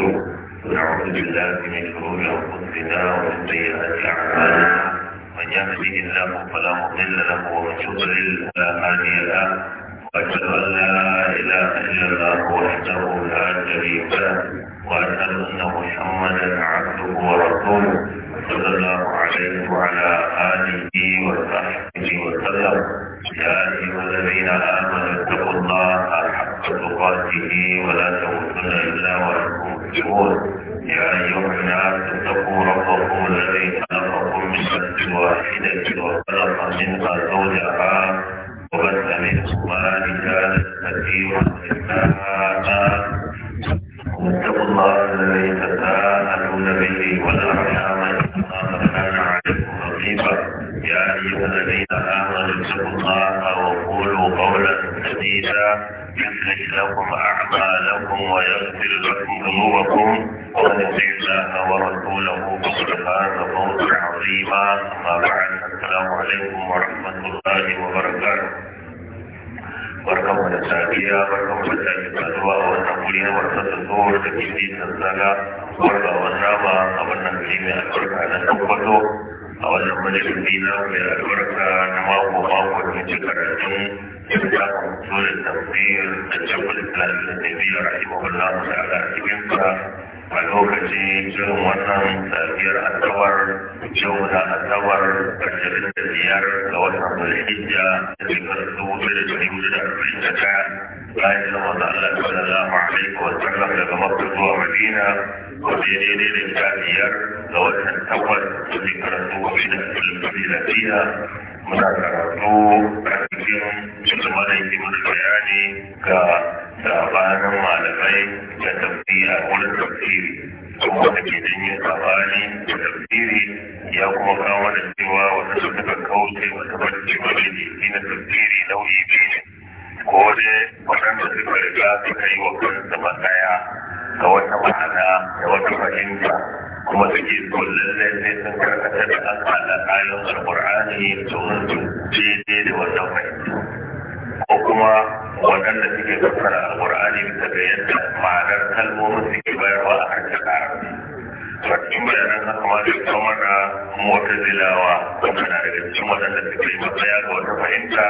ونعوذ بالله من شرور انفسنا ومن سيئات اعمالنا من يهده الله فلا مضل له ومن يضلل فلا هادي له واشهد ان لا اله الا الله وحده لا شريك له واشهد ان محمدا عبده ورسوله صلى الله عليه وعلى اله وصحبه وسلم يا ايها الذين امنوا اتقوا الله حق تقاته ولا الظهور يا أيها الناس اتقوا ربكم الذي خلقكم من نفس واحدة وخلق منها زوجها وبث منهما رجالا كثيرا نساء واتقوا الله الذي تساءلون به والأرحام إن الله كان عليكم رقيبا يا أيها الذين آمنوا اتقوا الله وقولوا قولا سديدا يصلح لكم أعمالكم ويغفر لكم ذنوبكم له فاز فوزا عظيما اما بعد السلام عليكم ورحمه الله وبركاته barkanmu da safiya barkanmu da sake saduwa a wannan wuri na wasan tsohuwar da ke ji sassana wargawan rama a wannan gari mai albarka na tabbato a wannan majalisi na mai albarka na mako mako da muke karatun littafin sunan tafsir da jabal islam da tafiya rahimahullahu ta'ala a cikin sa a lokaci irin wannan tafiyar asabar yau da asabar ashirin da biyar ga watan zulhijja da shekarar dubu ɗaya da ɗari da arba'in da ɗaya bayan da wanda Allah sallallahu alaihi wa sallam daga Makka zuwa Madina wanda daidai da biyar ga watan takwas a shekarar dubu ɗaya da ashirin da biyu da biya muna karatu a cikin cikin malaiki mana bayani ga sabanin malamai da tafiya a wurin tafsiri kuma da ke yin sabani da tafsiri ya kuma kawo da cewa wasu suka kauce wa tabbaci wani jiki na tafsiri nau'i biyu ne ko dai waɗanda suka riga suka yi wa kansa matsaya ga wata ma'ana da wata fahimta kuma suke so lallai sai sun karkata da an haɗa ayon alƙur'ani domin su daidai da wannan fahimta ko kuma waɗanda suke fassara alƙur'ani bisa ga yadda ma'anar kalmomin suke bayarwa a harshen larabci sarkin bayanan haka ma zai kamar da mu'tazilawa wanda na daga cikin waɗanda suke matsaya ga wata fahimta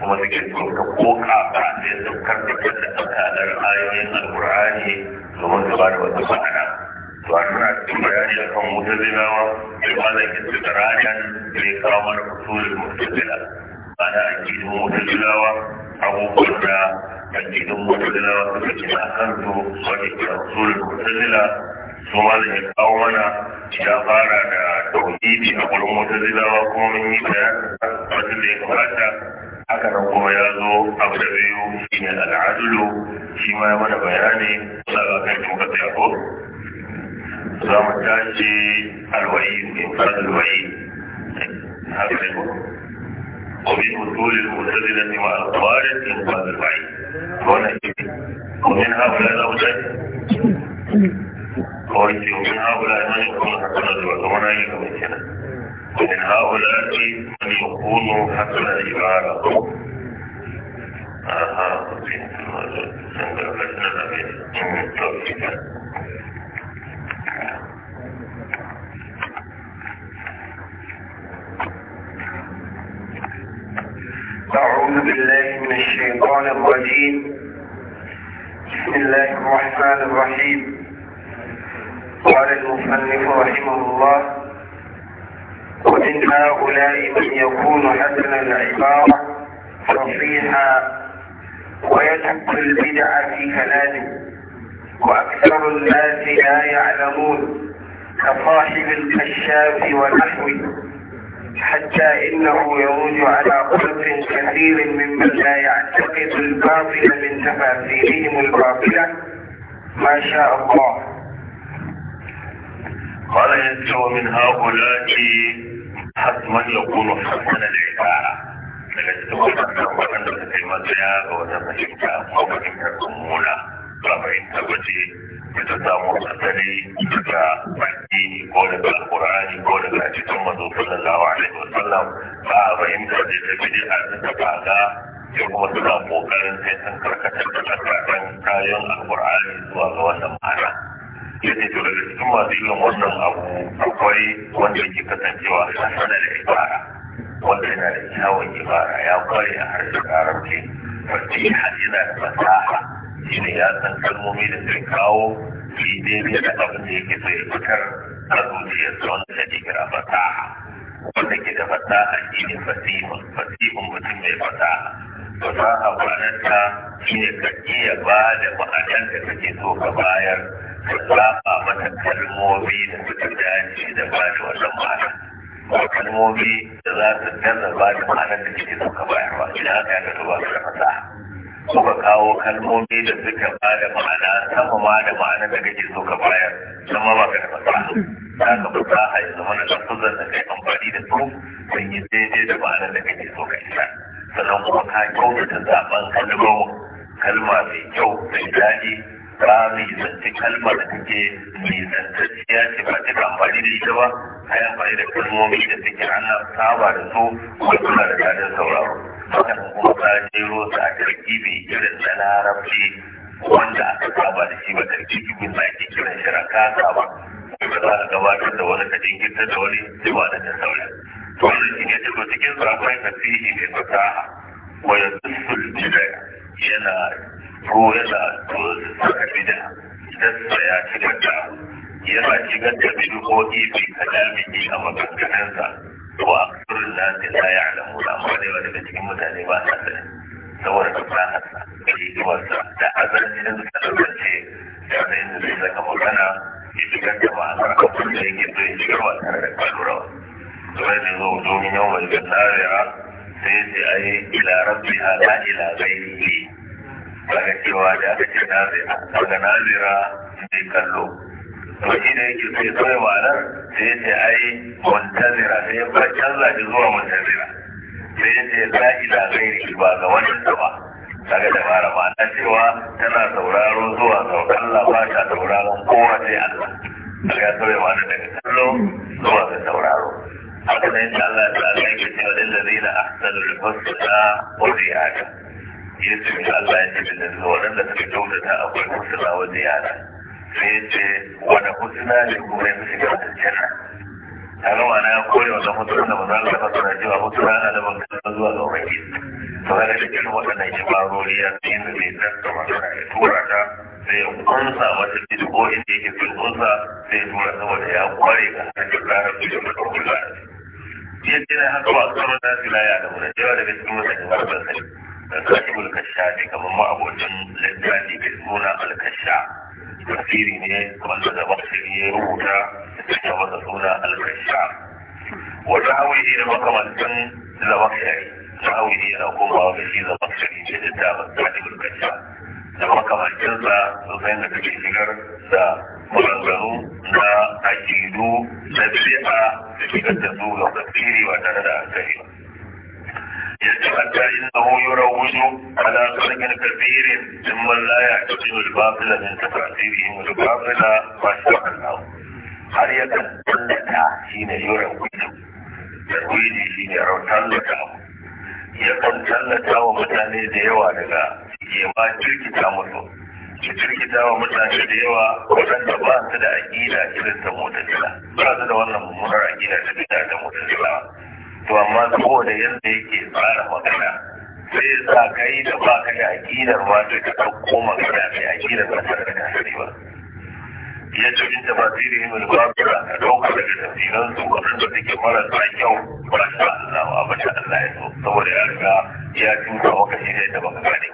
kuma suke tsofta ko kafa ne sun karfafa da tsakanin ayoyin alƙur'ani domin su ba da wata ma'ana وأنا بياني لكم متزلة وإبادة كتب راجا لإكرام الأصول المتزلة ana addinin mutajilawa abubuwan da addinin mutajilawa suka ce a kan su wani kyansul mutajila su ma ya kawo mana ya fara da tauhidi a gurin mutajilawa kuma mun yi bayanin wata da ya kamata haka nan kuma ya zo abu da biyu shi ne al'adulu shi ma ya mana bayani daga kan shi muka tsaya ko za mu tashi alwayi ne alwayi haka ne ومن أصول المعتزلة وأخبار المقام البعيد إيه؟ ومن هؤلاء الأوجه إيه؟ ومن هؤلاء من يكون حسنة وكمنا يكون ومن هؤلاء من يكون حسنة إبارة آه، أها أعوذ بالله من الشيطان الرجيم بسم الله الرحمن الرحيم قال المصنف رحمه الله ومن هؤلاء من يكون حسن العبارة فصيحا ويترك البدع في كلامه وأكثر الناس لا يعلمون كصاحب الكشاف ونحوه حتى إنه يروج على قلب كثير ممن لا يعتقد الباطل من تفاسيرهم الباطلة ما شاء الله قال يتلو من هؤلاء حتما يكون حسن العبارة لقد تقول أنه من suka yi matsaya ga wajen fahimta kuma fahimtar ta samu asali daga baki ko daga alkur'ani ko daga cikin manzo sallallahu alaihi sallam. ba a fahimta da ta bi a ta faga, sai kuma suna kokarin sai sun karkatar da tsakanin kayan alkur'ani zuwa ga wannan ma'ana yadda to daga cikin masu yin wannan abu akwai wanda ke kasancewa hasana da ibara wanda yana da kyawun ibara ya kware a harshen larabci fasiha yana da fasaha shi ne ya san kalmomi da zai kawo shi ne da abin da yake so ya fitar a zuciyarsa wanda ta ke kira fasaha wanda ke da fasaha shi ne fasihun fasihun mutum mai fasaha fasaha ma'anarta shi ne ka iya ba da ma'anar da kake so ka bayar ka saba mata kalmomi da suka dace da ba da wannan ma'anar ko kalmomi da za su gaza ba da ma'anar da kake so ka bayarwa idan haka ya ka duba da fasaha suka kawo kalmomi da suka ba da ma'ana sama ma da ma'ana da kake so ka bayar sama ba ka da fasaha za ka fasaha ya zama na lafazan da kai amfani da su sun yi daidai da ma'ana da kake so ka isa sannan kuma ka kyautata zaben kalmo kalma mai kyau mai daɗi ba mai zance kalmar da kake mai zantacciya ce ba ta amfani da ita ba ka yi amfani da kalmomi da suke ana saba da su kuma kula da daɗin sauraro hakan kuma ka jero su a tarkibi irin na larabci wanda aka saba da shi ba tarkibin ba ake kiran shi rakasa ba kuma za a gabatar da wani kajin kirta da wani zuwa da ta sauya to wannan shi ne ta zo cikin akwai fasihi mai fasaha wa ya tsufful bidaya yana ko yana to saka bidaya dasa ya shigar da yana shigar da bidu ko ifi a jami'i a maganganansa wa aksarun da su la ya alamu da amma da yawa daga cikin mutane ba sa sani saboda ka fara sa da hikimarsa da azalci da suka ce. ya zai da zai zaka magana ya fitar da ma'anar abin da yake so ya shigar ba tare da kalurawa. Kamar da zo domin yau mai gannariya sai ce a yi ila rabbi ha la ila gairi ne daga cewa da aka ce nazira daga nazira mai kallo to shi da yake sai kawai ma'anar sai ce ai muntazira sai ba canza shi zuwa muntazira sai ce la ila ghairi ba ga wannan ba daga dabara ma'ana cewa tana sauraro zuwa ga Allah ba ta sauraron kowa sai Allah daga kawai ma'anar daga kallo zuwa ga sauraro haka ne insha Allah ta Allah yake cewa lil ladina ahsanu al husna wa ziyada yesu Allah ya ce lil ladina wadanda suka kyautata akwai husna wa ziyada sai ya ce wani husna da gore su shiga wajen janna a gama na ya kore wannan husna da maza da kasu na cewa husna na da bangaren zuwa ga wani to zai shi irin waɗannan kibarori ya fi yin da zai tsarka masu ya tura ta sai ya kunsa wata ko inda yake sun kunsa sai ya tura saboda ya kware ga harkar larabci da mutum larabci yadda na haka ba tsoron na su laya da wani yawa daga cikin wata kamar ban sani da sahibul kasha ne kamar ma lantarki ke nuna alkasha tafsiri ne wanda da bakari ya rubuta da wata suna al-kashaf wata hawaye da makamantan da bakari da hawaye yana komawa ga shi da bakari ce da ta bakari al-kashaf da makamantansa sosai da take shigar da maganganu na akidu da bid'a da shigar da su ga tafsiri ba tare da hankali ba حتى إنه يروج على خلق كثير ممن لا يعتقد الباطل من تفسيرهم والباطل ما استقلناه har ya tallata shi ne yoran kudu tarwidi shi ne tallata ya kan tallata wa mutane da yawa daga jirkita su jirkita wa mutane da yawa waɗanda ba su da aƙida irin ta mutane ba su da wannan mummunar aƙida ta gida ta mutane to amma saboda yadda yake tsara magana sai ya sa kai da ba ka da aƙidar ma sai ka ɗauko magana mai aƙidar ba tare da kasari ba ya ce in tafa tsiri himin babura a ɗauka daga tafsiran su waɗanda take marasa kyau ba sa Allah wa abin da Allah ya so saboda ya riga ya tuka maka shi ne da baka gane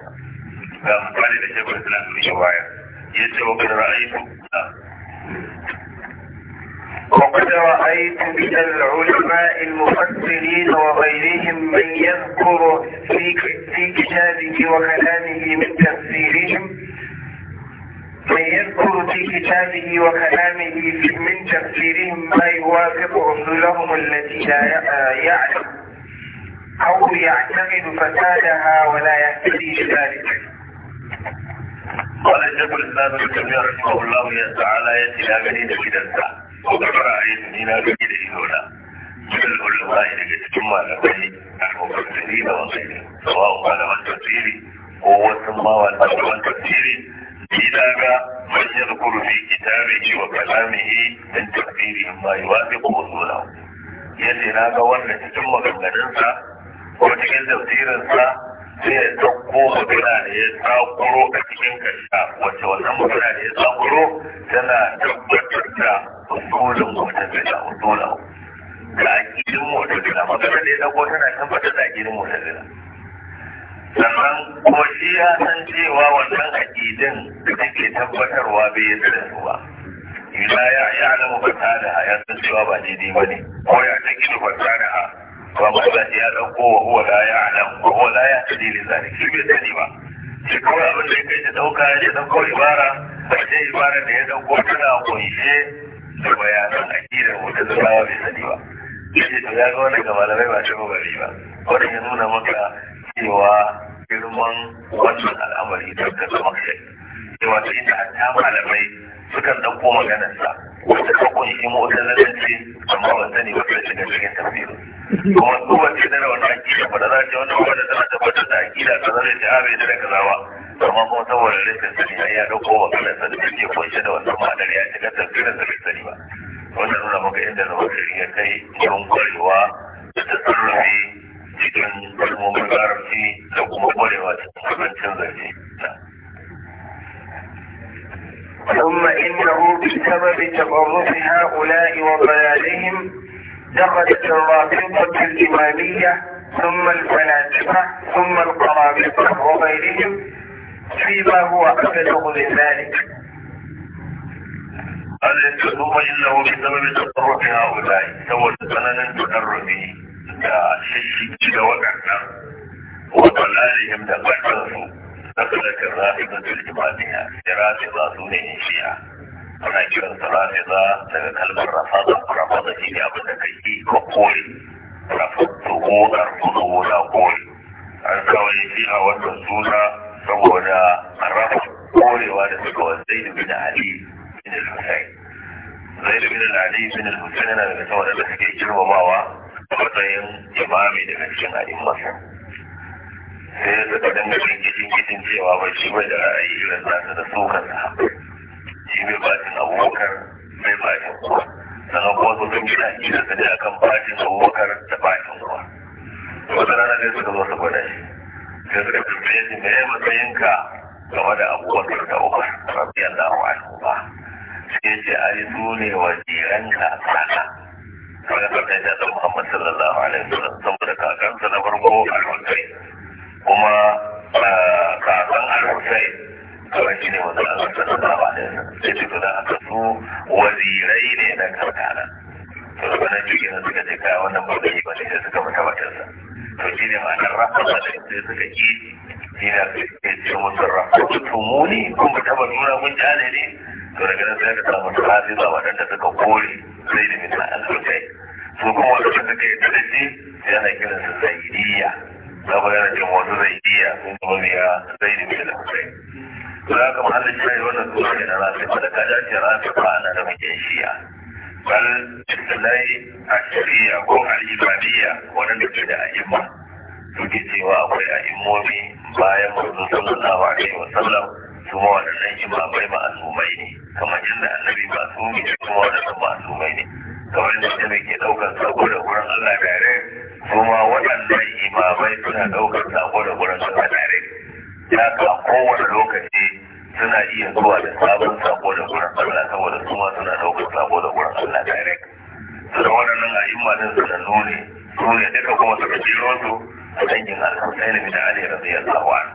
ga misali da shekul islam ne shi baya ya ce wa kan ra'ayi وقد رأيت من العلماء المفسرين وغيرهم من يذكر في كتابه وكلامه من تفسيرهم من يذكر في كتابه وكلامه من تفسيرهم ما يوافق عقولهم التي لا يعلم أو يعتمد فسادها ولا يهتدي بذلك قال الجبل الباب الكبير رحمه الله تعالى ياتي لا من في دلتا ko ga ra'ayin ni na gani da ido na cikin ulama'i daga cikin malamai al-mufassiri da wasai sawa'u malaman tafsiri ko wasu malaman tafsiri ni na ga man yadhkuru fi kitabihi wa kalamihi min tafsiri ma yuwafiqu usulahu yace na ga wannan cikin maganganunsa ko cikin tafsirinsa sai ya ɗauko magana da ya tsakuro a cikin kanta wacce wannan magana da ya tsakuro tana tabbatar da usulun mu'tazila usulun da akidin gida magana da ya ɗauko tana tabbatar da akidin gida. sannan kuma shi ya san cewa wannan akidin da take tabbatarwa bai yi da su ba ila ya ya alamu fata da ya san cewa ba daidai ba ne ko ya take fata da ha فمثلا يا دوكو وهو لا يعلم وهو لا يهتدي لذلك في بالكلمة shi kawai abin da ya kai ta dauka ya dauko ibara ba ce ibara da ya dauko tana kunshe da bayanan akidar wata zama bai sani ba shi to ya ga wani ga malamai ba ta gari ba wanda ya nuna maka cewa girman wannan al'amari ta zama kai cewa ta inda ta malamai sukan ɗauko maganarsa wata ta kunshi mu'tazilanci amma ban sani ba ta shiga cikin tafsirin kuma su ba ce dana wani akida ba da za ce wani wanda tana tabbatar da akida ta zare ta ah, abe da kaza ba amma kuma saboda rashin sani ya ɗauko maganarsa da take kunshe da wannan ma'anar ya shiga tafsirin da bai ba wannan nuna maka inda zama shirin ya kai wurin kwarewa da tasarrufi cikin kalmomin larabci da kuma kwarewa cikin kudancin zance. فإنه بسبب تبرز هؤلاء وضلالهم دخلت الرافضة الإمامية ثم الفلاسفة ثم القرامطة وغيرهم فيما هو أبلغ من ذلك. انه بسبب تبرز هؤلاء سوى سنن تقربي الشيء إذا وقعنا وضلالهم دخلت دخلت الرافضة الإمامية في رافضة دون الشيعه ana kiran sa rafiza daga kalmar rafaza rafaza shi ne abin da yi ko kore rafaza ko arfuzu ko da kore an kawai shi a wannan suna saboda rafa korewa da suka wa zaidu bin ali bin al-husayn zaidu bin ali bin al-husayn yana daga cikin wadanda suke girmamawa a matsayin imami daga cikin al'ummarsa sai suka dinga cikin cikin cewa ba shi bai da ra'ayi irin nasu da su sahabbai shi bai bashin abubakar bai bashin kuwa sannan kuma su sun gina shi da sani a kan bashin abubakar da bashin kuwa wata rana ne suka zo su gwada shi sai suka tambaye shi me ya matsayinka game da abubakar da umar radiyallahu anhu ba sai ya ce ai su ne wajiran kakana wani sarkin ya da muhammad sallallahu alaihi wasallam saboda kakansa na farko al-husayn kuma eh, kakan al-husayn karanci ne wanda Allah ta nuna ba da sai ce to da aka so wazirai ne na karkara to da wannan jirgin nan suka ce kaya wannan ba zai ba ne sai suka mata matarsa to shi ne ma'anar rafa da sai suka ki shi ne suka ce musu rafa to mu ne kun ba taba nuna mun jane ne to daga nan sai ka samu hadiza wadanda suka kore sai da mita alfai su kuma wanda suka yi da shi yana kiransa zaidiya saboda yana cin wasu zaidiya sun zama biya zaidi mai da hussein to ya kama Allah ya yi wannan sura ne na rafi ba da ka dace rafi ba na da muke shiya bal islai a shari'a ko al-ibadiyya wanda ke da ayyuka suke cewa akwai a'immomi bayan manzon sallallahu alaihi wa sallam kuma waɗannan imamai ma'asumai ne kamar yadda annabi ba ma'asumi ne kuma ba waɗannan ma'asumai ne kamar yadda mai ke ɗaukar sako da wurin Allah dare kuma waɗannan imamai suna ɗaukar sako da wurin Allah dare ya ka kowane lokaci suna iya zuwa da sabon sako da gurin Allah saboda su ma suna daukar sako da gurin Allah direct su da waɗannan a'imma din su da nune su ne duka kuma suka jiro su a dangin al-Husaini da Ali radiyallahu anhu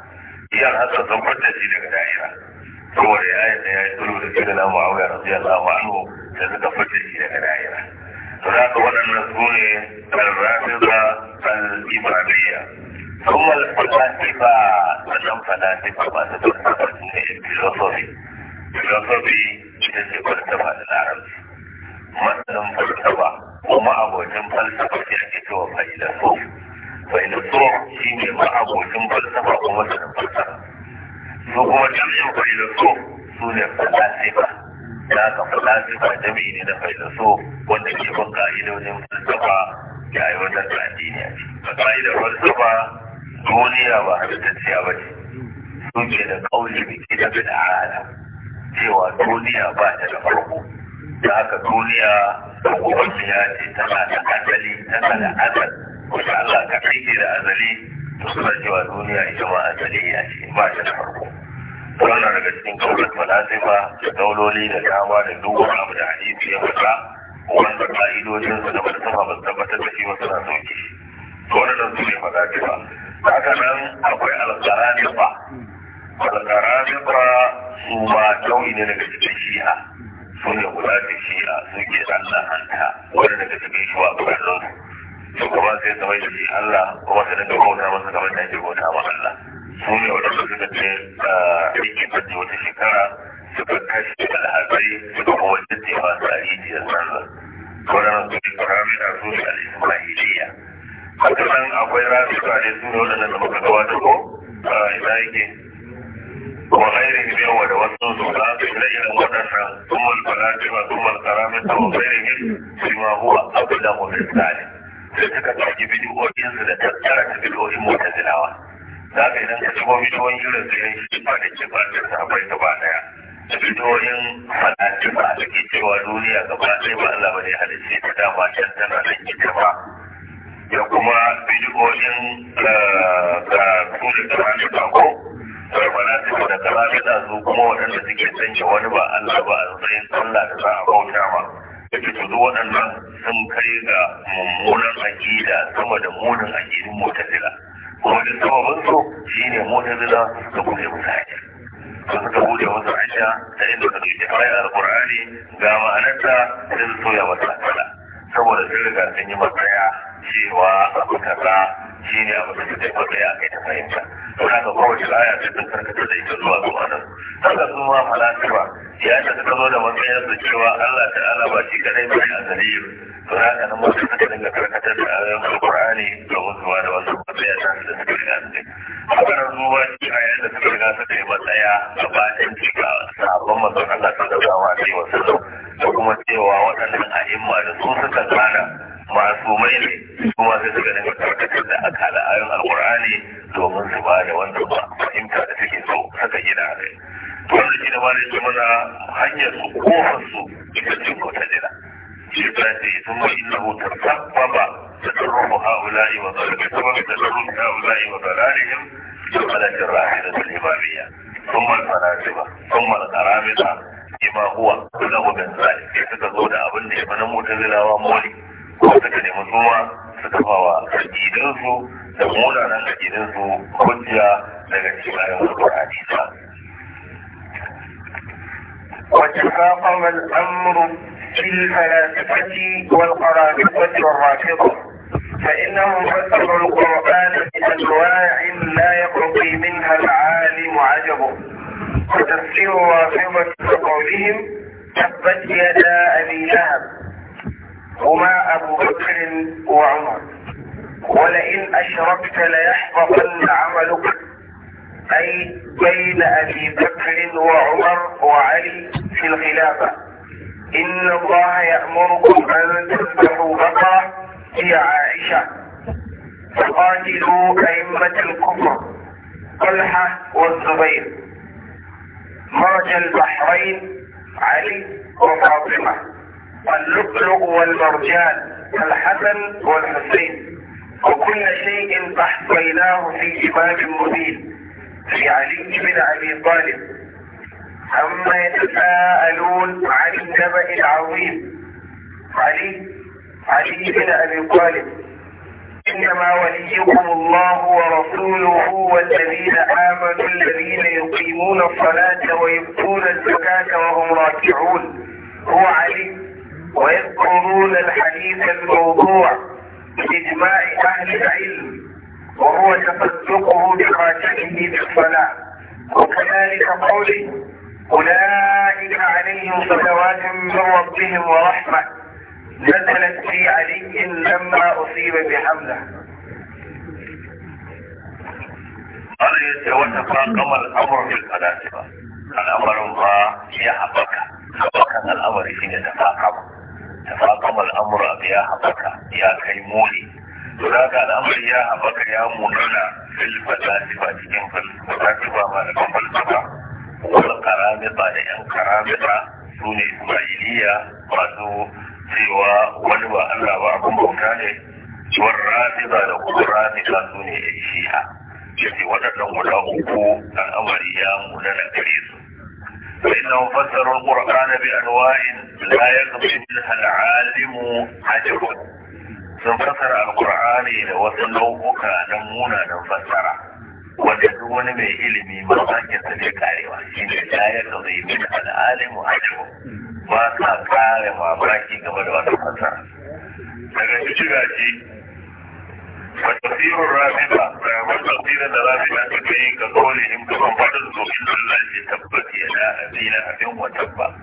iyar hasa sun fitar shi daga da'ira saboda ya yi da ya yi sulhu da sayyidina Muawiya radiyallahu anhu da suka fitar shi daga da'ira to da waɗannan su ne al-Rafida al-Ibadiyya ثم الفلاسفة ولم فلاسفة ما تتوقف من الفلسفي الفلسفي يجب أن تفعل العرب مثلا فلسفة وما أبوجم فلسفة يجب فيلسوف فيلسوف شيني ما أبوجم فلسفة ومثلا فلسفة فهو جمع فيلسوف سنة فلاسفة da aka falasifa jami'i ne na failaso wanda ke bin ka'idodin falsafa ya aiwatar da addini a ka'idar falsafa duniya ba halittacciya ba ce ke da kauli da ke da bid'ala cewa duniya ba ta da farko da haka duniya ubangiji ce tana da asali tana da azal wata Allah ka kai da azali to suna cewa duniya ita ma asali ya ce ba ta da farko wannan daga cikin kaulat malasifa da dauloli da dama da duk wani abu da hadisi ya fata wanda ka'idojinsu da mutum ba su tabbatar da shi wasu na sauke shi to wannan su ne malasifa haka nan akwai alƙaranifa alƙaranifa su ba nau'i ne daga cikin shi'a sun da kula da shi'a sun ke Allah hanta wani daga cikin shi wa gabanin su gaba sai su mai shi Allah kuma su dinga bauta masa kamar da ake bauta ma Allah su ne waɗanda suka ce eh, rikin da wata shekara suka kashi da alhazari suka kuma wajen tefa su a rijiyar sallah. Wannan su ne ƙaramin a zuwa al-Ismailiyya. haka nan akwai rafuka ne su ne waɗannan da muka gabata ko ina yake wa ghairi bi yawa da wasu su ba su ila irin waɗannan sun malfalati ba sun malkaramin ta wa ghairi ne su ma huwa abu da mutum tsari sai suka ɗauki bidiyoyinsu da tattara ta bidiyoyin motar zilawa za ka idan ka cibo bidiyoyin irin su yin shi ba da ke ba ta sabai gaba ɗaya bidiyoyin fadaci ba da ke cewa duniya gaba ɗaya ba Allah ba ne halicce ta dama can tana nan ita ba da kuma bidiyoyin da eh, su da tsarani ko sarfana su da tsarani da su kuma waɗanda suke canje wani ba Allah ba a zai sallah da za a bauta ma yake tuzu waɗannan sun kai ga mummunan aƙida sama da munin aƙidin mutazila kuma da sababin su shine mutazila da kuma yau sa'ida sun ta bude wasu aisha ta inda suka ɗauki a alƙur'ani ga ma'anarta sun soya wata tsala saboda sun riga sun yi matsaya cewa abu kaza shi ne abu da suke matsaya kai ta fahimta. kuma haka kowace aya cikin karkata da ita zuwa zuwa nan. Haka zuwa falasifa ya ta zo da matsayin su cewa Allah ta'ala ba shi kadai ba azali zari to haka nan mutum suka dinga karkatar da ayoyin qurani da wasu ba da wasu matsaya ta da suka riga suka haka nan su ba shi ayoyin da suka riga su kai matsaya ga bayan cika sabon mazan Allah ta zaga wa sai wasu da kuma cewa waɗannan a'imma da su suka tsara masu mai ne kuma sai suka dinga karkatar da da ayoyin qurani domin su ba da wanda ba fahimta da suke so suka gina a kai wanda da wani ke mana hanyar su kofar su ita ce kwata jira shi ta ce sun ma inna hutar sabbaba da tsarrufu ha'ula'i wa zalibin da tsarrufu ha'ula'i wa zalalihim da malakin rahina da imamiyya sun mal ba, sun mal karamita ima huwa da wajen zai sai suka zo da abin da ya mana mutazilawa mori ko suka nemi zuwa suka bawa akidansu da munanan akidansu hujja daga cikin ayyukan Qur'ani وتفاقم الأمر في الفلاسفة والقرابطه والرافضة فإنهم فسروا القرآن بأنواع لا يقضي منها العالم عجبه وتفسير الرافضة كقولهم تبت يدا أبي لهب هما أبو بكر وعمر ولئن أشركت ليحبطن عملك أي بين أبي بكر وعمر وعلي في الخلافة إن الله يأمركم أن تذبحوا بقرة هي عائشة فقاتلوا أئمة الكفر طلحة والزبير مرج البحرين علي وفاطمة اللؤلؤ والمرجان الحسن والحسين وكل شيء أحصيناه في جبال مبين لعلي بن أبي طالب عما يتساءلون عن النبأ العظيم علي علي بن أبي طالب إنما وليكم الله ورسوله والذين آمنوا الذين يقيمون الصلاة ويؤتون الزكاة وهم راكعون هو علي ويذكرون الحديث الموضوع بإجماع أهل العلم وهو تصدقه بخاتمه بالصلاة وكذلك قولي أولئك عليهم صلوات من ربهم ورحمة نزلت في علي لما أصيب بحمله قال وتفاقم الأمر بالفلاسفة الأمر ما يحبك حبك الأمر حين تفاقم تفاقم الأمر يا حبك يا كيمولي Dora ga al'amari ya haɓaka ya munana filfalasifa cikin Ba filfalasifa malaman falsafa. Wani karamita da ‘yan karamita su ne Isra'iliya masu cewa wani ba Allah ba abin bauta ne. Wani rafida da kuma rafida su ne ‘yan shi'a. Yake waɗannan guda uku al'amari ya munana gare su. فإنه فسر القرآن بأنواع لا يقضي منها العالم حجبا sun fasara alkur'ani da wasu nau'uka na munanan fassara wanda duk wani mai ilimi mamakin sa zai karewa shi ne tayar da zai bin al'alimu ajiyo ba sa kare mamaki game da wannan fassara daga cikin gaji فتفسير الرافضة والتفسير الرافضة كذلك قولهم كمن فضل سبيل الله تبت يدا أبينا أبي وتبت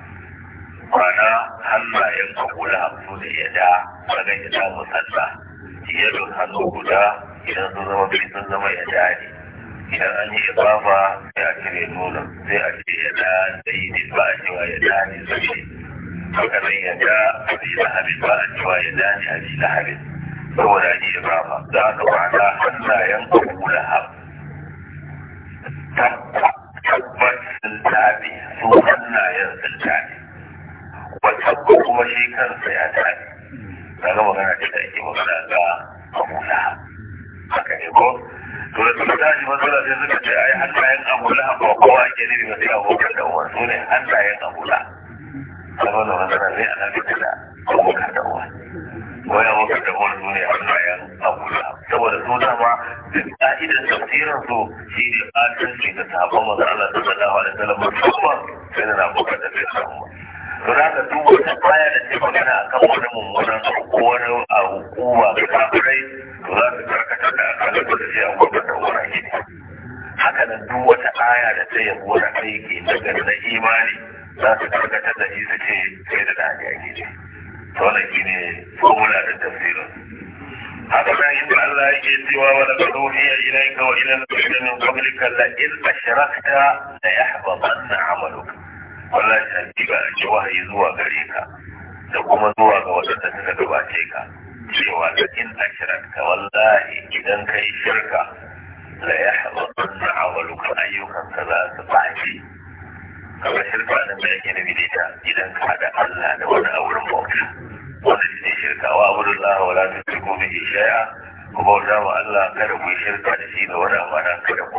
kwana hannayen ka guda hannu da ya da daga ya da musalla yadda hannu guda idan sun zama bai sun zama ya da ne idan an yi ibaba sai a cire nonon sai a ce ya da sai ne ba a cewa ya da ne sai haka nan ya da abi lahabin ba a cewa ya da ne abi lahabin saboda an yi ibaba za ka kwana hannayen ka guda hannu tabbas sun tabi su hannayen sun tabi wata kuma shi kansa ya tafi daga magana ce da ake magana ga abu lahab haka ne ko to da suka tashi matsala sai suka ce ai hannayen abu lahab ba kowa ake nufi ba sai abokan da uwa su ne hannayen abu lahab saboda matsala ne a nan da la yahbatanna amaluka wallahi hakika ji wahayi zuwa gare ka da kuma zuwa ga waɗanda suka gabace ka cewa da in ashrakta wallahi idan ka yi shirka la yahbatanna amaluka ayyukan ka za su baci kamar shirka nan da yake nabi da idan ka haɗa Allah da wani auren bauta wanda shi shirka wa abdullahi wala tusiku bihi shay'a ku bauta wa Allah kada ku shirka da shi da wani amana kada ku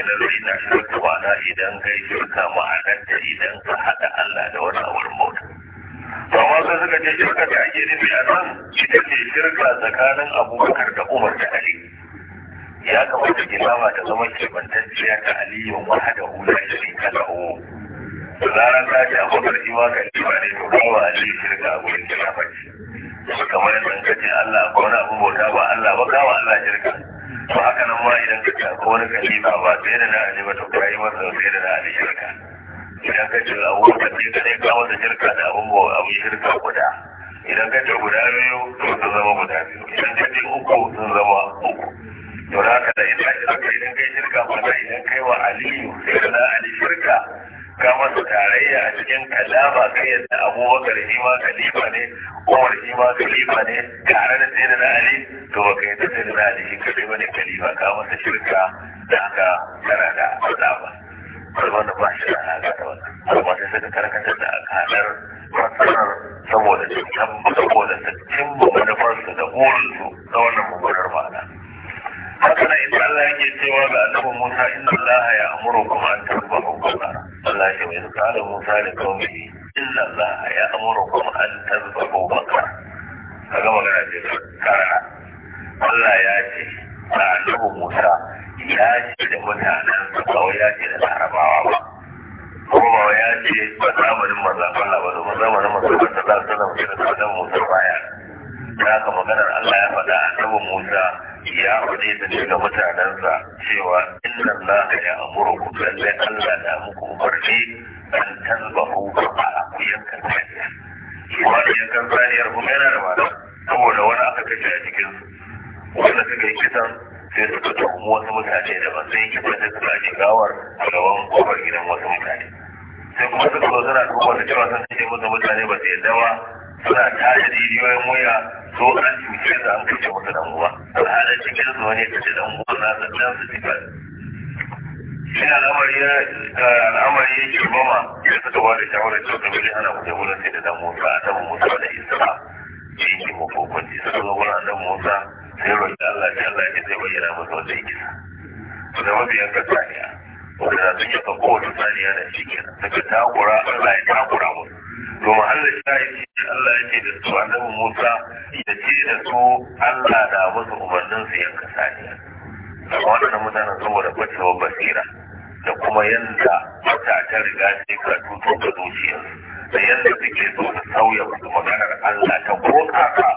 yake da zai na shirka ma'ana idan yi shirka ma'anarta idan ka haɗa Allah da wani awar mota. Amma sai suka je shirka da ake nufi a nan shi ita ke shirka tsakanin abubakar da Umar da Ali. Ya kamata ki ilama ta zama kebantacciya ta aliyun wahada hula shirka da owo. Da zarar ta ce abubakar ima kan ci ba ne to kawo Ali shirka a gurin kira ba ce. Kamar yadda ka ce Allah ko wani abu bauta ba Allah ba kawo Allah shirka. to haka nan ma idan ka tafi wani khalifa ba sai da na ali ba to kai masa sai da na ali shirka idan ka ce a wurin kaji ka ne ka masa shirka da abun ba abun shirka guda idan ka ce guda biyu to sun zama guda biyu idan ka ce uku sun zama uku to da haka da idan ka idan kai shirka ba idan kai wa aliyu sai da na ali shirka ka masa tarayya a cikin kalama kai yadda abubakar shi ma khalifa ne umar shi ma khalifa ne tare da sai da ali to baka yadda sai da ali shi ba ne khalifa ka masa shirka da aka tana da azaba kuma da ba shi da alaƙa da wannan amma sai suka karkatar da akalar fassarar saboda cikin saboda su cimma manufarsu da burinsu na wannan mummunar ma'ana haka in Allah yake cewa ga annabi Musa inna Allah ya amuru kuma an tarba baqara Allah ya ce kada Musa da kawai inna Allah ya amuru kuma an tarbahu baqara kaga magana ce kara Allah ya ce ga annabi Musa ya ce da mutanen kawai ya ce da larabawa ba kuma ya ce ba zamanin manzon Allah ba domin zamanin manzon Allah sallallahu alaihi wasallam ya ce baya ya ka maganar Allah ya faɗa annabi Musa ya faɗe da ne ga mutanensa cewa inna Allah ya amuru ku lallai allah na muku umarni an tasbahu ba a ku yanka saniya Kuma yankan saniyar kuma yana da mata saboda wani aka kashe a cikin wanda suka yi kisan sai suka tuhumi wasu mutane da ba sai kisan da suka ji gawar a gaban kofar gidan wasu mutane sai kuma suka zo suna tuhumar da cewa sun kashe wasu mutane ba su yadda ba suna tare da rijiyoyin wuya so an cuce su an kuce musu dan uwa alhalin cikin su wani kuce dan uwa na sannan su tifa shi al'amari ya al'amari ya girmama ya suka ba da shawarar cewa kamar ana kuce wurin sai da dan musa a tabbin musa da isra shi ne mafofanci suka zo wurin dan musa sai roƙi allah ya allah ya zai bayyana musu wata kisa su da mabiyan kasaniya wanda sun yi kowace saniya da shi kenan suka takura allah ya takura musu to mahallin Allah ya ce da su annabi Musa ya ce da su Allah da wasu ubannin su yanka saniya amma wannan mutanen saboda bacewar basira da kuma yanda wata ta riga ce ka tutu ga zuciyarsu da yanda suke so ta sauya wasu maganar Allah ta koka ka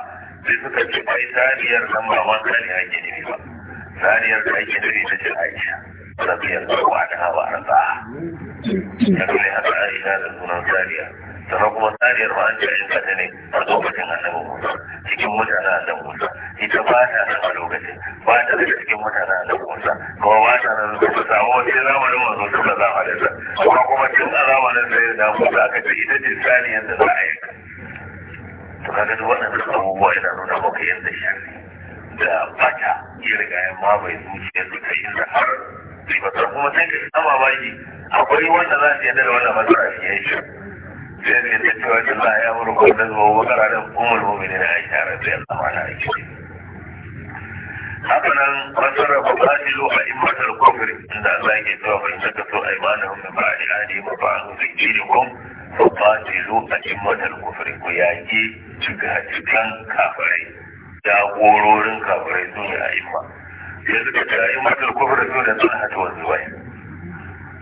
sai suka ce bai saniyar nan ba ma saniya ake ne ba saniyar da ake nufi ta ce Aisha rabiyar da wa da hawa arba ta ne haka ina da sunan saniya sannan kuma saniyar ma an jirgin kanta ne a lokacin annabi musa cikin mutane annabi musa ita ba ta nan a lokacin ba ta daga cikin mutane annabi musa kuma ba ta nan su samu wani zamanin manzo su da zamanin sa kuma kuma tun a zamanin sai da musa aka ce ita ce saniyar da za a yi to kaga duk waɗannan abubuwa yana nuna maka yadda sharri da bata ya riga ya bai zuciyar su ta inda har ribatar kuma sai ka sama baki akwai wanda za su yadda da wannan matsala shi ya yi shirin sai da cewa da za a yi wurin kwallon zuwa bakara da umar mominin na aisha rabu ya zama na aiki haka nan wasu rabu kasilu a imatar kofir inda Allah ke cewa fa ka so a imanin hun ba a ihadi ba ba an zai ji da kun fa kasilu a a a da sun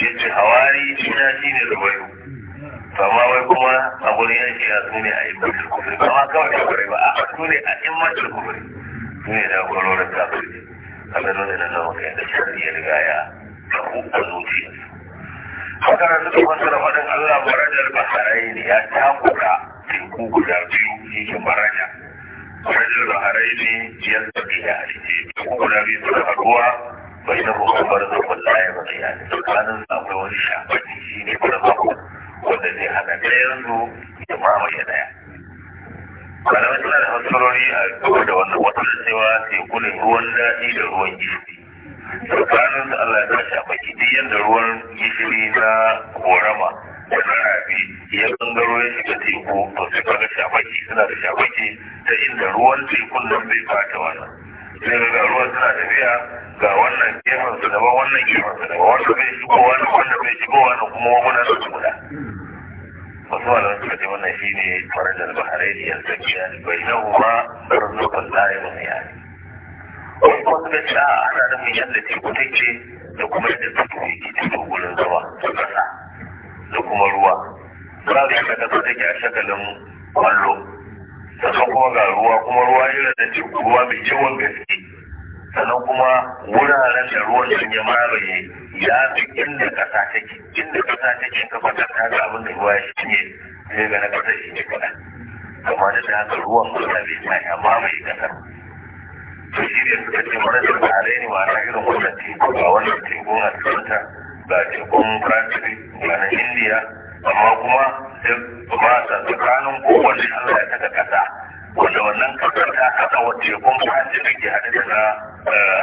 yace hawari jina shi ne rubairu amma wai kuma a gurin yan a sune ne a yi matar kufri ba ma kawai da kufri ba a sune a yi matar kufri su ne da kwalorin kafiri a da nuna da zama kai da shi ya riga ya tafi a zuciyarsu haka na suka da faɗin Allah barajar baharai ne ya takura teku guda biyu yake baraja barajar baharai ne ya zabi ya halice teku guda biyu suka haɗuwa bai da kuma barzo wallahi wa tsayani tsakanin sa akwai wani shafafi shi ne barzo wanda zai hana ɗayan su ya mamaye ɗaya malamai suna da fassarori a gaba da wannan wata cewa teku ne ruwan daɗi da ruwan gishiri tsakanin su Allah ya sa shafaki duk yadda ruwan gishiri na korama da na rafi ya gangaro ya shiga teku to sai kaga shafaki suna da shafaki ta inda ruwan tekun nan bai fata wannan sai ga ruwan suna tafiya ga wannan gefen su daban wannan gefen su daban wanda bai shigo wani wanda bai shigo wani kuma wani su guda wasu malamai suka ce wannan shi ne farajar baharai ne yanzu tafiya bai na kuma karnukan layi wani yare wasu kuma suka ce a ana da mun yadda teku take da kuma yadda teku yake teku gurin zama ta kasa da kuma ruwa za da yadda kasa take a shakalin kwallo sannan kuma ga ruwa kuma ruwa yana da teku ruwa mai yawan gaske sannan kuma wuraren da ruwan sun ya maraye ya fi inda kasa take inda kasa take ka ta ga abin da ruwa ya shine zai ga na kasa shi ne kaɗan amma da ta haka ruwan ta bai ta ya mamaye kasar to shi ne suka ce mana da tare ne ma na irin wannan teku ba wannan teku na tsanta ga tekun kantiri ga na indiya amma kuma duk ba ta tsakanin kowanne allah ya taka kasa wanda wannan kasar ta kasa wa tekun hajji da ke hada da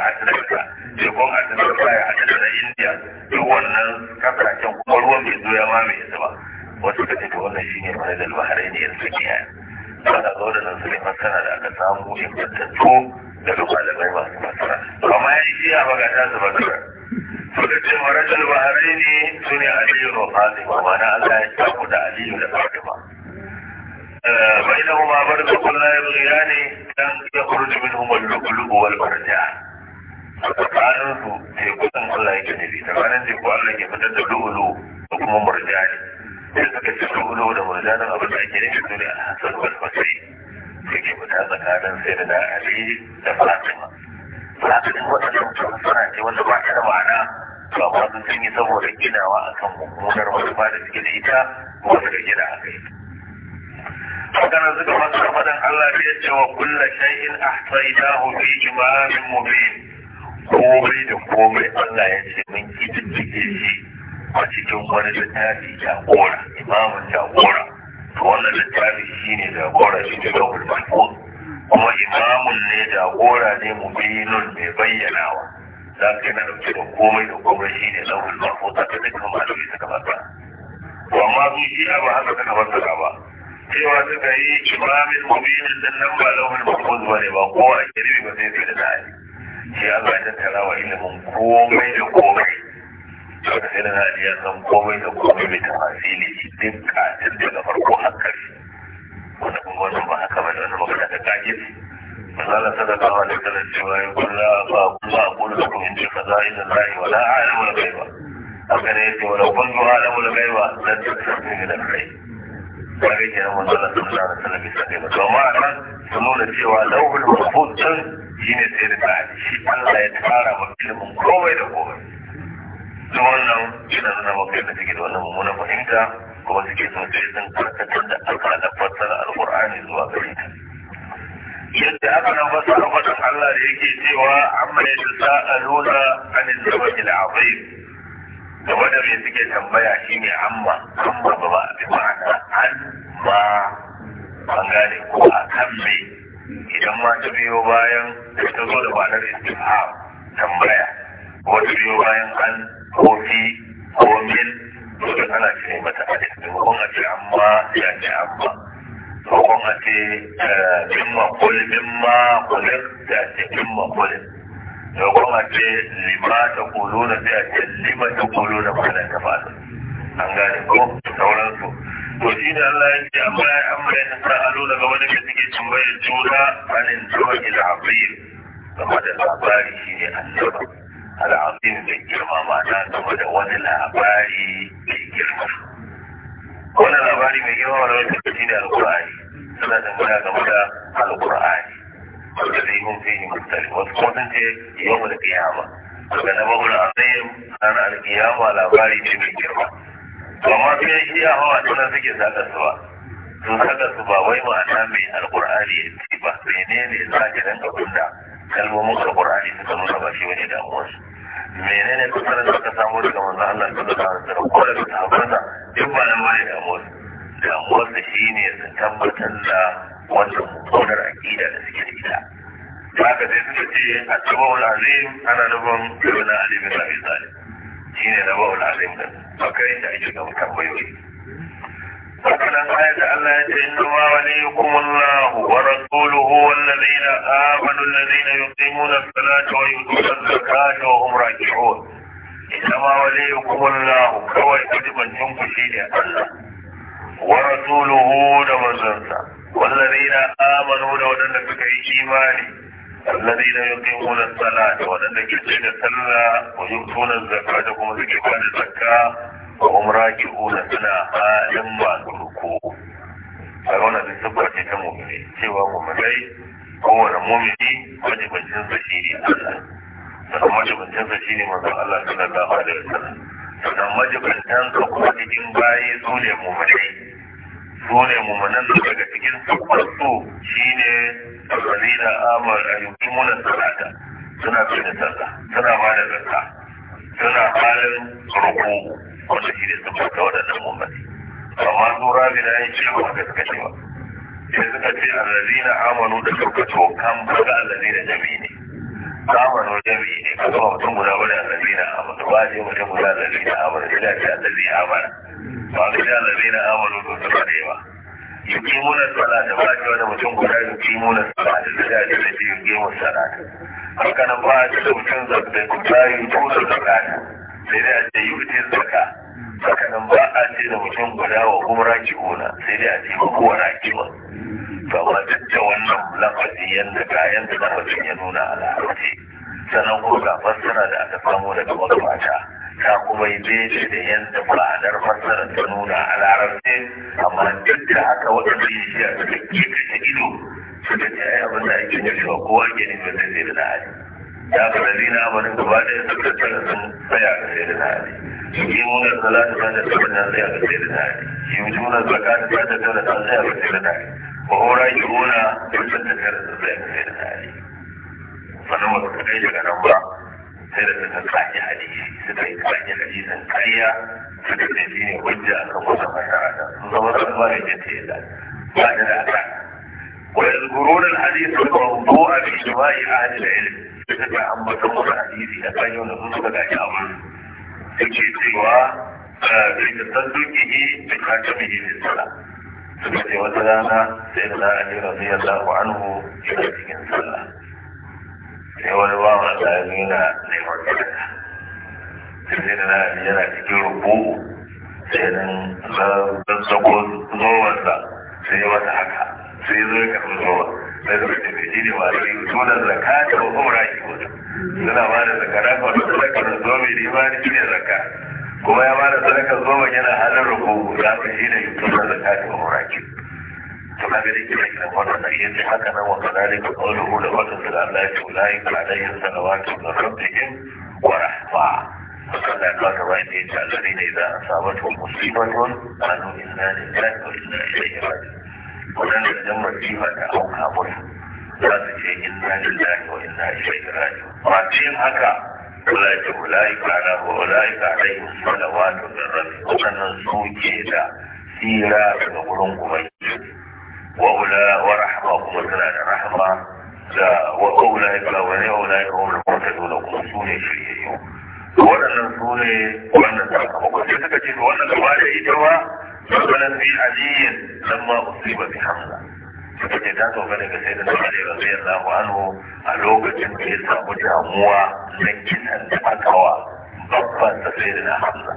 Afirka, eh, tekun Afirka ya hada da India, duk wannan kasashen kuma ruwan mai zo ya mai su Wasu ka tafi wannan shi ne mai da albaharai ne yanzu ke yaya. Sana zo da nan su ne masana da aka samu ingantattu daga malamai masu masana. Amma ya yi ba ga ta zuba masana. Suka ce marajal baharai ne su ne Aliyu da Fatima. ma na Allah ya tafi da Aliyu da Fatima. بينهما برزق لا يبغيان لم يخرج منهما اللؤلؤ والمرجان tsakanin su tekun Allah yake nufi tsakanin teku Allah ke fitar da lu'ulu da kuma murjani da suka ci lu'ulu da murjanin da ake nufi su ne alhassan wal fasai suke fita tsakanin sai da ali da fatima fatima waɗannan suna ce wanda ba ta da ma'ana to amma sun yi saboda ginawa akan mummunar wata ba da suke da ita wanda suka gina a kai فكان ذكر فدا الله يجي وكل شيء أحصيناه في إمام مبين komai da komai Allah ya ce mun kididdige shi a cikin wani littafi jagora imamun jagora to wannan littafi shi ne jagora shi ne ga kuma imamun ne jagora ne mubinun mai bayyanawa za ka yana ɗauke da komai da komai shi ne lauhul mahfuz a cikin malamai suka fasa to amma zuciya ba haka ta fasa ba cewa suka yi imamin mubinin din nan ba launin mafuz ba ne ba ko a kiribi ba sai sai da ali shi Allah ya tattara wa ilimin komai da komai saboda sai da ali ya san komai da komai mai tafasili duk katin daga farko har ƙarshe wanda kuma wannan ba haka ba da wani magana da kage فقال صلى الله عليه وسلم يقول لا أقول لكم إني خزائن الله ولا أعلم الغيب أكن يأتي ولو كنت أعلم الغيب لن تكتبني من الخير kare ke nan manzo Allah sallallahu alaihi wasallam bisa ne to amma nan su nuna cewa lawhul mahfuz din shine sai da tsari shi Allah ya tsara ma ilimin komai da komai ta wannan yana nuna maka yadda take da wannan mummunan fahimta kuma suke son sai sun karkatar da alƙalar fassara alƙur'ani zuwa gare ta yadda aka nan fassara faɗin Allah da yake cewa amma yadda sa'aluna anil zamanil azim Gaba da me suke tambaya shi ne amma amma ba ba bi ma'ana an ba an gane ko a kan me idan ma ta biyo bayan ta zo da ma'anar a tambaya ko ta biyo bayan an ko mil ko min to da ana ce mata a cikin a ce amma ya ce amma ko a ce eh, mimma kulli ma kulli ya ce mimma kulli da kuma ce lima ta kolo na sai a ce lima ta kolo na kwanan ta fata an gane ko sauransu to shi da Allah ya ce amma ya amma ya nasa alo daga wani da suke tambayar juna anin zuwa ila abin game da labari shi ne annaba al'azim da girma ma'ana game da wani labari mai girma wani labari mai girma wani wani shi ne alkur'ani suna tambaya game da alkur'ani والذي هم فيه مختلف وتكون يوم القيامة وكان بقول عظيم أنا القيامة لا باري من جرمة وما في شيء هو أتنا فيك سادة سوا سادة سوا ويما أنا من القرآن يتبه بينين ساكنا كنا kalmomin alkur'ani suka nuna ba shi wani damuwarsu menene kusurin da ka samu daga manzan Allah ta da kan sarrafa ko da ta hafarsa duk ba nan ba ne damuwarsu damuwarsu shi ne tabbatar da wanda kaunar aƙida da suke da ita ka sai suka ce a tabawul azim ana nufin ibn alimin bin abi Shi ne na bawul azim din akai da ake ga tambayoyi Wannan ayat da Allah ya ce inna ma waliyukum Allah wa rasuluhu wal ladina amanu alladina yuqimuna as-salata wa yu'tuna az-zakata wa hum raji'un inna ma waliyukum Allah kawai kujibancin ku shine Allah wa rasuluhu da manzansa والذين آمنوا لودن بكي إيماني الذين يقيمون الصلاة ودن كتين الصلاة ويؤتون الزكاة وهم زكاة الزكاة وهم راجعون سنة لما تركوا فهنا بالسبعة كمؤمنين سوى مؤمنين kowane mumini majibancin sa shi ne Allah sannan majibancin sa shi ne manzon Allah sallallahu alaihi wasallam sannan majibancin sa kuma cikin bayi su ne mu'minai dole mu manan su daga cikin sabbato shine alladina amanu ayyukimuna salata suna kai da sallah suna ba da zakka suna halin roƙo wanda shi ne sabbata waɗannan mummati. amma zura rabi da yin shi ba ka suka ce ba sai suka ce alladina amanu da suka to kan ba ga alladina jami'i ne samun rojami ne ka zama mutum guda wani allabi na amur ba ce mutum guda allabi na amur ila ce allabi amur ba su ce allabi na amur ko su kare ba yuki munan sana da ba ce wani mutum guda yuki munan sana da su dace da ce yuki mun sana haka nan ba ce mutum zarta yi yuki su zaka sai dai a ce yuki zaka haka nan ba a ce da mutum guda wa umra ki ona sai dai a ce kowa na kiwon gabatar da wannan lafazi yadda ga yadda lafazin ya nuna a larabci sannan kuma ga fassara da aka samu daga mata, ta kuma yi daidai da yadda ma'anar fassara ta nuna a larabci amma duk da haka waɗanda ya shi a cikin kika ido suka ce ai abin da ake nufi ba kowa ke nufi da zai da hali ya ga lalina wani gaba da ya suka tsaya sun tsaya da sai da hali يجيبون الصلاة بعد الفجر زيادة الدين النهاري يجيبون الزكاة بعد الفجر زيادة الدين النهاري kowara yi nuna tuntun da zai da zai da zai wani wata kai daga nan ba sai da suka kanyi hadisi suka yi kanyi hadisin kariya suka ne shi ne wajen aka kusa masarada sun zama zama ne ya ce da ba da da ta wajen gurun hadisi da ba ko a fi shi ba yi da ilimi suka ga an ba kan wata hadisi a kan yau da sun suka gaji a wani suke cewa da ke tattun ki yi da kacin mihimmin sala sai wata rana sai da ya za'a radiyallahu anhu yana cikin sallah sai wani ba bawan Allah ya nuna neman gida sai da ali yana cikin rubu sai nan zazzako zowarsa sai ya mata haka sai ya zo ya karɓi zowar sai da ce mai jini wa sai tunan zaka da wa umra ki wato suna ba da zakara ko da zakar zo mai ne ba ni ne zaka kuma ya bada sadaka goma yana halin ruku ya fi shi ne yutar da zakati wa muraki to kaga da ke da wannan da yin haka nan wa kadalika qawluhu da wannan da Allah ya ce la yakun alayhi salawatu min rabbihim wa rahma فقال قال وإني الذين إذا أصابتهم مصيبة قالوا إنا لله وإنا إليه راجعون وذلك الأمر فيما تأوها مصر لا تجي إنا لله وإنا إليه راجعون ما تجيب haka. ulaika ulaika da sira daga gurin ubangiji wa ula kuma tana da rahma da wa ulaika wa da kuma waɗannan su ne wannan sakamakon da suka ce wannan da ita ma sabanan fi aliyin nan ma suka ce ta sauka daga sai da nake da sai da ano a lokacin da ya samu damuwa na kisan da akawa babban da sai da na hamza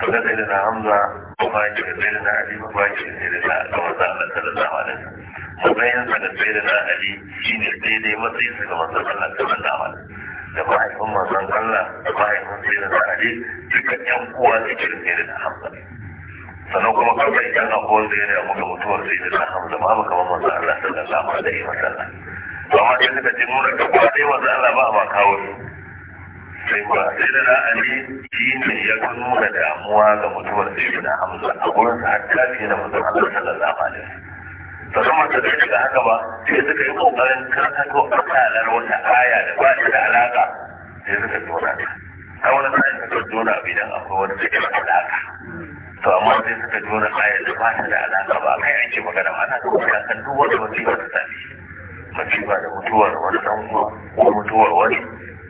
suka sai da na hamza kuma ya ce sai da na ali kuma ya ce sai da na gama zalla sallallahu alaihi sabayansa da sai da na ali shine daidai matsayin su ga masu sallah da zama da mahaifin manzon Allah da mahaifin sai da na ali duka yan uwa suke cikin sai da na hamza sannan kuma karfai yan abuwan da yana muka mutuwar sai da na hamza ma maka mamman sa Allah ma da yi sallam to amma sai suka ce mura ga kwaɗe masu Allah ba ba kawo sai ba sai da na ali shi ne ya nuna damuwa ga mutuwar sai da hamza a gurin sa hatta fiye da mutum Allah sallallahu alaihi da sallam sannan masu da shiga haka ba sai suka yi ƙoƙarin karkato akalar wata aya da ba shi da alaƙa sai suka tona ta a wani sa'in suka tona idan akwai wani cikin alaƙa. to amma sai suka ji wani ayar da ba ta da alaƙa ba kai ake magana ana da wani kan duk wata musiba ta tafi. Masifa da mutuwar wani dan uwa ko mutuwar wani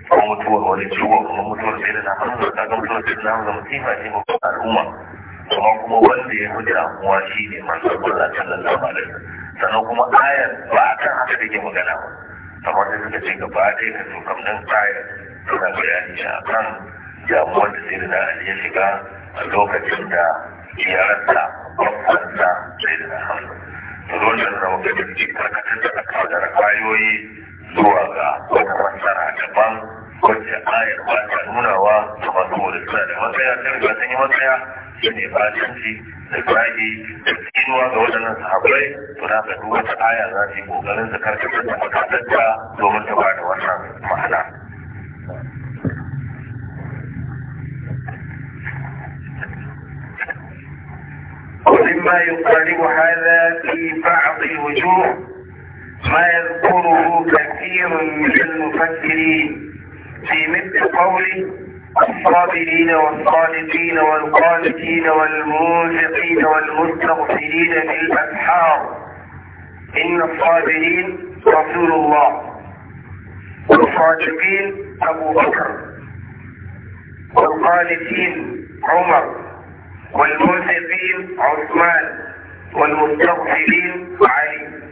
ko mutuwar wani ciwo ko mutuwar sai da na hannu da ga mutuwar sai da na hanzu musiba ne ma al'umma kuma kuma wanda ya fi amuwa shi ne masu ta sallallahu da wasallam sannan kuma ayar ba a kan haka ke magana ba kamar da suka ce gaba ɗaya ka zo kamar ayar suna bayani shi a kan damuwar da sai da na aliyar shiga lokacin da ya rasa babbansa sai da hannu to dole da zama da ji karkatun da aka da rakayoyi zuwa ga wata masara daban wacce ayar ba ta nunawa da masu da suna da matsaya sai ba sun yi matsaya shi ne batanci da zagi da tsinuwa ga waɗannan sahabbai to na ga wata aya za su yi ƙoƙarin su karkatar da makaɗanta domin ta ba da wannan ma'ana. مما يقارب هذا في بعض الوجوه ما يذكره كثير من المفكرين في مثل قوله الصابرين والصادقين والقانتين والمنفقين والمستغفرين في الأسحار إن الصابرين رسول الله والصادقين أبو بكر والقانتين عمر والمنفقين عثمان والمستغفرين علي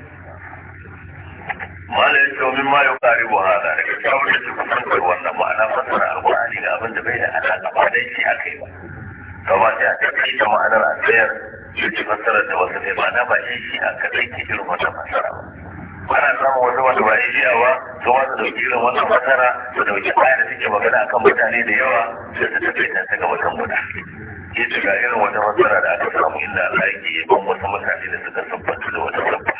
mala ya ce min ma ya kare bu hada daga kyawun da ke kusantar wannan ma'ana fasara alƙur'ani ga abin da bai da alaƙa ba dai shi aka ba kama sai a tafi da ma'anar a tsayar su da wasu ne ma'ana ba shi a kaɗai ke irin wannan ba ana samun wasu wanda ba iya ba su ma su irin wannan fasara su dauki kayan da suke magana akan mutane da yawa sai su tafi da ta gaba ya ce ga irin wata matsala da aka samu inda Allah yake yaban wasu mutane da suka tabbata da wata tabbata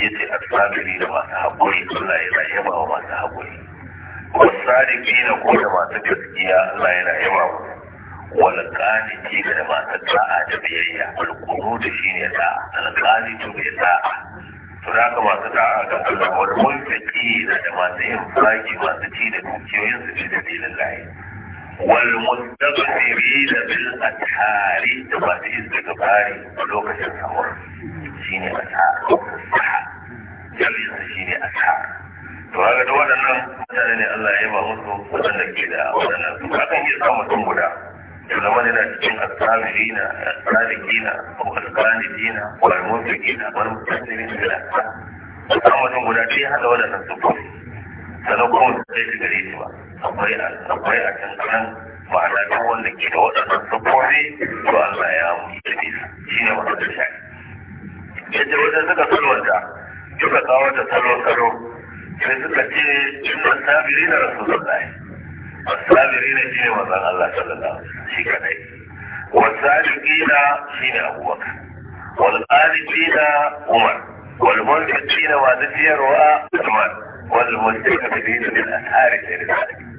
ya ce a asabiri da masu haƙuri Allah yana yaba wa masu haƙuri Wasu wasadiki da ko da masu gaskiya Allah yana yaba wa wani ƙaniki da masu ta'a da biyayya alƙuru da shi ne ta'a alƙanitu mai ta'a to da haka masu ta'a ga Allah wani mulki da masu yin fagi masu ci da dukiyoyinsu ci da dalilin layi والمستغفرين بالأسحار تبقى استغفاري ولوك السحور شيني أسحار الصحة جميع شيني أسحار فهذا دواء لنا مثلاً الله يبا مصر مثلا كده مثلا فكان يسمى تنبدا فلما لنا تكون الصابرين الصادقين أو القانتين والمنفقين والمستثمرين بالأسحار فكان تنبدا فيها لولا نصفه sannan kuma zai kai gare su ba akwai akwai a can kan ma'ana duk wanda ke da waɗannan siffofi to Allah ya mutu shi ne wanda ta shafi yadda wajen suka salwanta suka kawo ta salo-salo sai suka ce inna sabiri na rasulullahi wasabiri na shi ne mazan Allah sallallahu shi kadai wasabiqina shi ne abubakar والقالبين عمر والمنفقين وذكر وأثمان والمستقبل بالأسهار الرسالة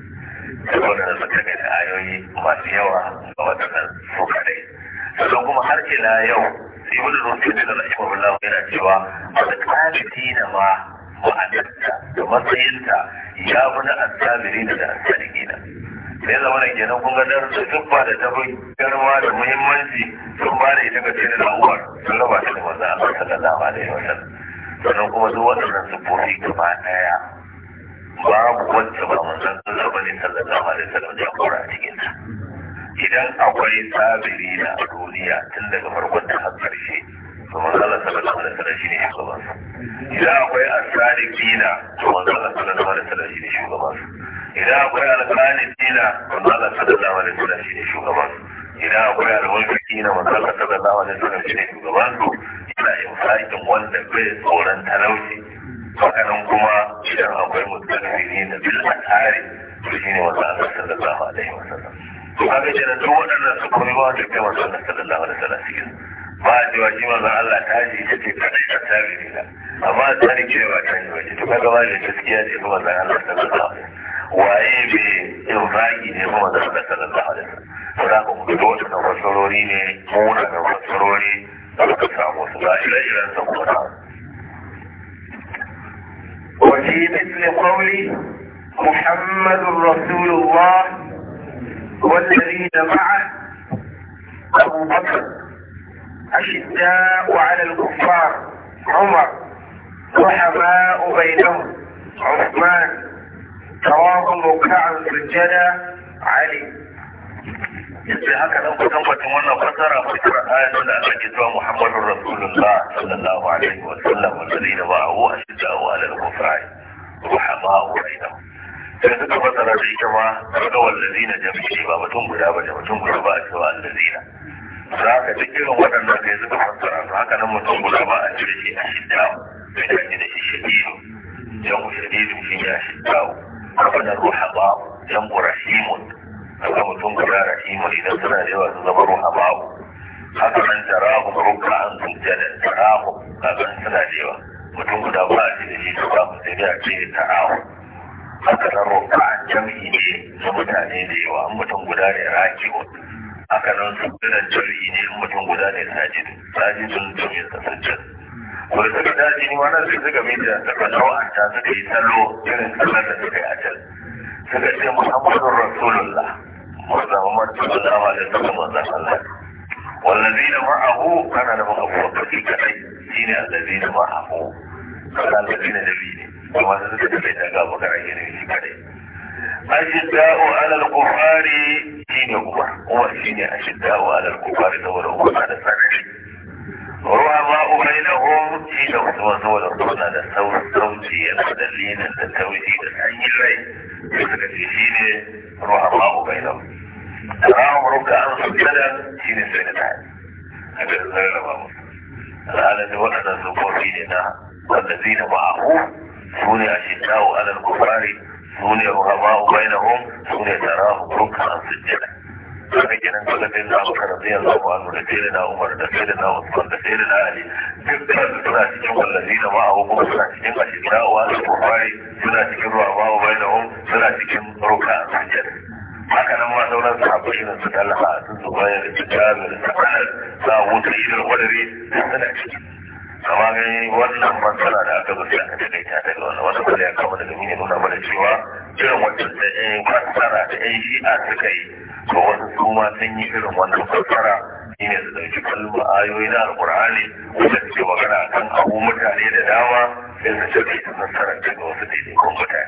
saboda da suka da ayoyi masu yawa ga waɗannan su kadai sannan kuma har ila yau ibn rusul da rahimahullah yana cewa wata kafiti na ma ma'anarta da matsayinta ya da asabirina sai zama da kenan kun ga darsu duk ba da tabi garwa da muhimmanci sun ba da ita ga cikin al'ummar sun raba ta da maza a sallallahu alaihi wasallam sannan kuma duk waɗannan siffofi gaba ɗaya babu wacce ba manzon Allah bane sallallahu alaihi wasallam da kora a cikin ta idan akwai sabiri na duniya tun daga farkon ta har ƙarshe to mun Allah sallallahu alaihi wasallam shine shugaban su idan akwai asadiqina to mun Allah sallallahu alaihi wasallam shine shugaban su idan akwai to mun Allah sallallahu alaihi wasallam shine shugaban su idan akwai alwalqina mun Allah sallallahu alaihi wasallam shine shugaban su yana infaƙin wanda bai tsoron talauci hakanan kuma idan akwai musulmi ne da bil tsari to shi ne wanda Allah sallallahu alaihi wasallam to kaga kenan duk waɗannan su kuma ba da kai wanda Allah da alaihi wasallam cikin ba a cewa shi Allah ta ji ita ce ta tabi ne amma ta ni cewa ta ni waje to kaga wani gaskiya ce ga manzon Allah sallallahu alaihi wasallam waye be infaqi ne ga manzon Allah sallallahu alaihi wasallam to da kuma ne da don ka samu su ga ire-iren sa kuma waje misli kwauli والذين معه أبو بكر أشداء على الكفار عمر رحماء بينهم عثمان تواضع ركعا سجدا علي yace haka nan kwatan kwatan wannan fasara fasara ayan da aka ji zuwa Muhammadur Rasulullah sallallahu alaihi wa sallam wa sallallahu ma'ahu asdahu ala al-kufari wa hama'u bainahum sai suka fasara da ita ma daga wallazina jami'i ba mutum guda ba da mutum guda ba a cewa allazina za ka duk irin waɗannan kai suka fasara su haka nan mutum guda ba a cire shi a shidda sai ka ji da shi shadidu yan shadidu shi ya shidda haka nan ruhaba yan rahimun daga mutum guda a imar idan suna da yawa su zama ruha babu haka nan tarahu rukka an sujjada tarahu kakan suna da yawa mutum guda ba a ce da shi ba mu sai a ce tarahu haka nan rukka an jam'i ne na mutane da yawa an mutum guda ne rakiwa haka nan sujjada jam'i ne mutum guda ne sajid sajidun jam'in sa sujjada wani suka daji ni wannan su suka mai da suka nau'anta suka yi salo irin sallar da suka yi a can suka ce muhammadun rasulullah وإذا أمرت بالله على الدم وذاك الله والذين معه كان لهم أبو بكر كثير الذين معه كان الذين نبيه وما تزكى بين أبو بكر عينه كثير أشداء على الكفار دين أكبر هو الدين أشداء على الكفار دور أكبر على الفرش رعماء بينهم حين أخذوا دول أكبر على الثور الزوجي المدلين التوجيه الحي الليل الذي شيني الله بينهم تراهم ركعا سجدا شيني سجدا هذا الزمن ما قال ان وحد الزبورين والذين معه سوني اشداء على الكفار سوني رهباء بينهم سوني تراهم ركعا سجدا kaga kenan da sai na abu kana zai Allah anhu da sai na Umar da sai na Usman da sai na Ali dukkan suna cikin wallazi da ma abu suna cikin ashirawa da Bukhari suna cikin rawa suna cikin ruka sajjad haka nan ma sauran sahabbai irin su Talha su Zubair su Jabir su a sa wuta irin suna cikin kama gani wannan da aka gudu aka takaita daga wannan wasu kuma ya kama daga mini nuna mana cewa irin wancan da ƴan eh, kwasara da ƴan eh, a suka yi to wasu su ma sun yi irin wannan fassara shi ne su ɗauki kalma ayoyi na alƙur'ani wanda suke magana a kan abu mutane da dama sai su cire su fassara daga wasu daidaikun mutane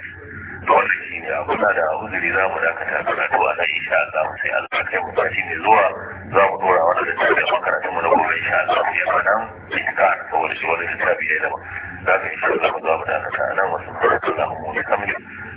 to wannan shi ne abu na da uzuri za mu dakata karatu a nan insha Allah sai Allah kai mu ba shi ne zuwa za mu dora wani da tafiya makarantar mu na gobe insha Allah sai a nan ta saboda shi wani littafi ya yi zama za ka insha Allah za mu dakata a nan wasu karatu za mu mu kamar